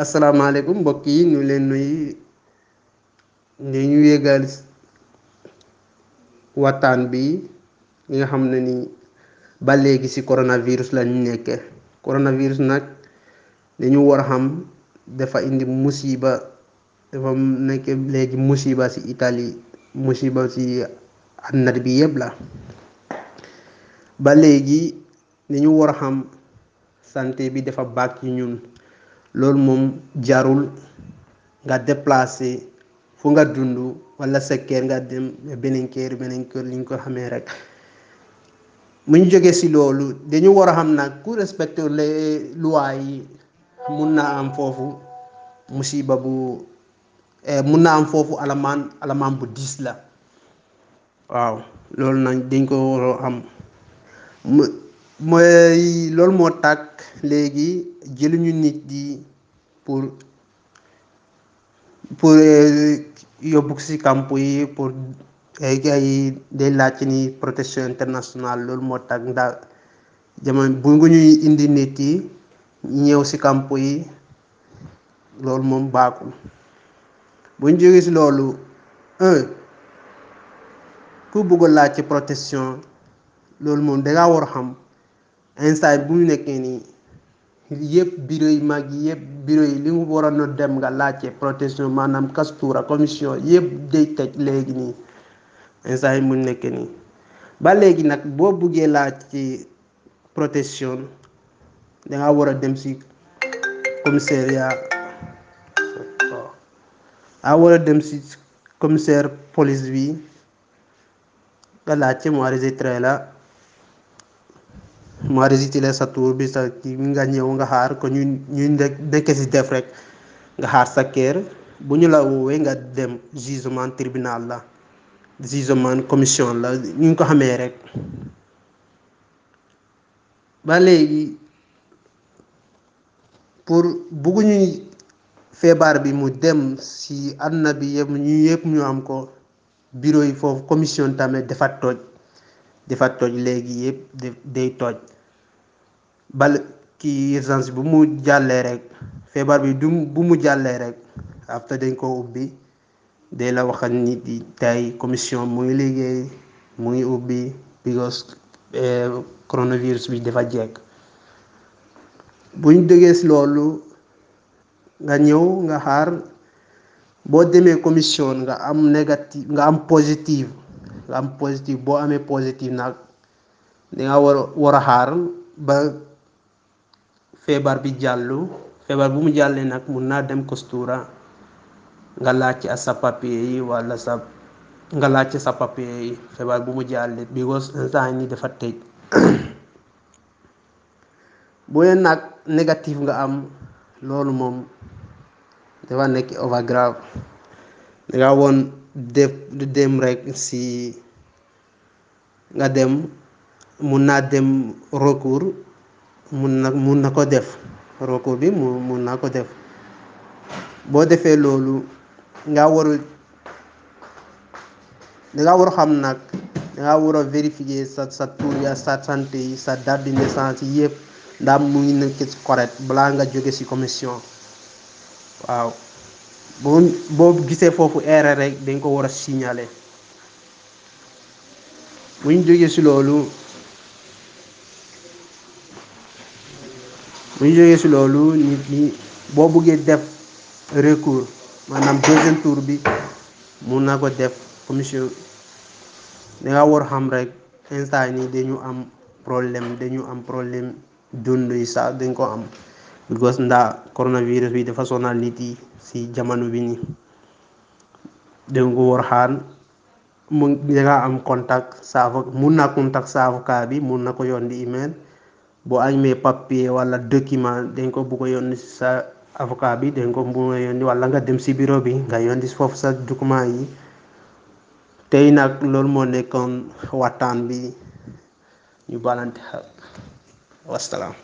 asalaamaaleykum mbokk yi ñu leen nuyu ñu ñu yégal waxtaan bi nga xam na ni ba léegi ci coronavirus la ñu nekke coronavirus nag dañu war a xam dafa indi musiba dafa nekk léegi musiba ci itali musiba ci àddina bi yëpp la ba léegi dañu war a xam santé bi dafa baax ci ñun loolu moom jarul nga déplacé fu nga dund walla sa nga dem beneen kër beneen kër li ñu ko xamee rek mu ñu jógee si loolu dañu war a xam nag ku respecté les lois yi mun naa am foofu musiba bu eh, mun naa am foofu alamaan alamaan bu diis la waaw loolu nag dañ ko war xam mooy loolu moo tàkk léegi jëluñu nit yi pour pour euh, yóbbu ci camp yi pour ay ay day laaj ni protection internationale loolu moo tàkk ndax jamono bu ngu ñuy indi nit yi ñëw ci camp yi loolu moom baaxul buñ jógee si loolu un ku bëgg laaj ci protection loolu moom dangaa war a xam instant bu nekkee nii yëpp bureau yi mag yëpp bureau yi li mu dem nga laajte protection maanaam castura commission yëpp day tëj léegi nii instant yi bu nekkee nii ba léegi nag boo buggee laaj ci protection danga war a dem si commissariat a war a dem si commissaire police bi nga laajte mu arrêté la ma résitilé sa tour bi sa kii nga ñëw nga xaar ko ñu ñu nekk si def rek nga xaar sa kër bu ñu la woowee nga dem jugement tribunal la jugement commission la ñu ngi ko xamee rek ba léegi pour bugguñu feebar bi mu dem si àdduna bi yëpp ñu yëpp ñu am ko bureau yi foofu commission tamit dafa toj dafa toj léegi yëpp day toj bal kii urgence bu mu jàllee rek feebar bi du bu mu jàllee rek après dañ ko ubbi day la waxal nit yi tey commission mu ngi liggéey mu ngi ubbi because eh, coronavirus bi dafa jekk buñ dëggee si loolu nga ñëw nga xaar boo demee commission nga am négatif nga am positif nga am positif boo amee positif nag danga war war a xaar ba feebar bi jàllu feebar bu mu jàllee nag mun naa dem kostura nga laajte ak sa papier yi wala sa nga laajte sa papier yi feebar bu mu jàllee because instant yi dafa tëj bu ne nag négatif nga am loolu moom dafa nekk over grave nga woon def dem rek si nga dem mun naa dem recours mun na mun na ko def roko bi mu mun na ko def boo defee loolu nga warul danga war a xam nag danga war a vérifier sa sa tur ya sa santé yi sa date naissance yi yëpp ndax mu ngi nekk correct balaa nga jóge ci commission waaw boo boo gisee foofu erreur rek dañ ko war a signaler bu ñu jógee ci loolu bu ñu jógee si loolu nit ñi boo buggee def recours maanaam deuxième tour bi mun na ko def commission danga nga war xam rek instant nii dañu am problème dañu am problème dund yi sax dañ ko am because ndax coronavirus bi dafa sonal nit yi si jamono bi nii dañ ko war xaan mu da nga am contact sa mun na contact sa avocat bi mun na ko yónni email boo amee papier wala document dañ ko bugg a yónni sa avocat bi dañ ko bugg a yónni wala nga dem si bureau bi nga yónni foofu sa document yi tey nag loolu moo nekkoon waxtaan bi ñu balante wasalaam